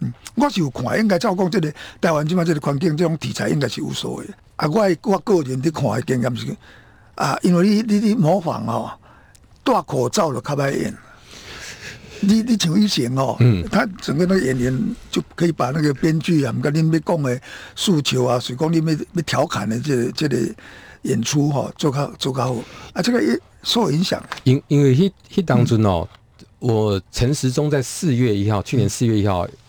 嗯、我是有看，應該照講，即個台灣之嘛，即個環境，即種題材應該是無所謂。啊，我的我個人睇看嘅經驗是，啊，因為你你你模仿哦、喔，戴口罩就卡牌演，你你像以前哦、喔，嗯，他整個那個演員就可以把那個編劇啊跟你咩講嘅訴求啊，所以講你咩咩調侃嘅即即個演出哦、喔，做比較做比較好。啊，這個也受影響，因因為那那當中哦，我陳時中在四月一號、嗯，去年四月一號。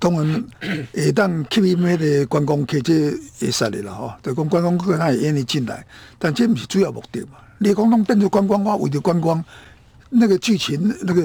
當然下當吸引嗰啲觀光客即也實嘅啦，吼！就講觀光客也引你進來，但這唔係主要目的。你講當變做觀光，我為着觀光，那個劇情那個。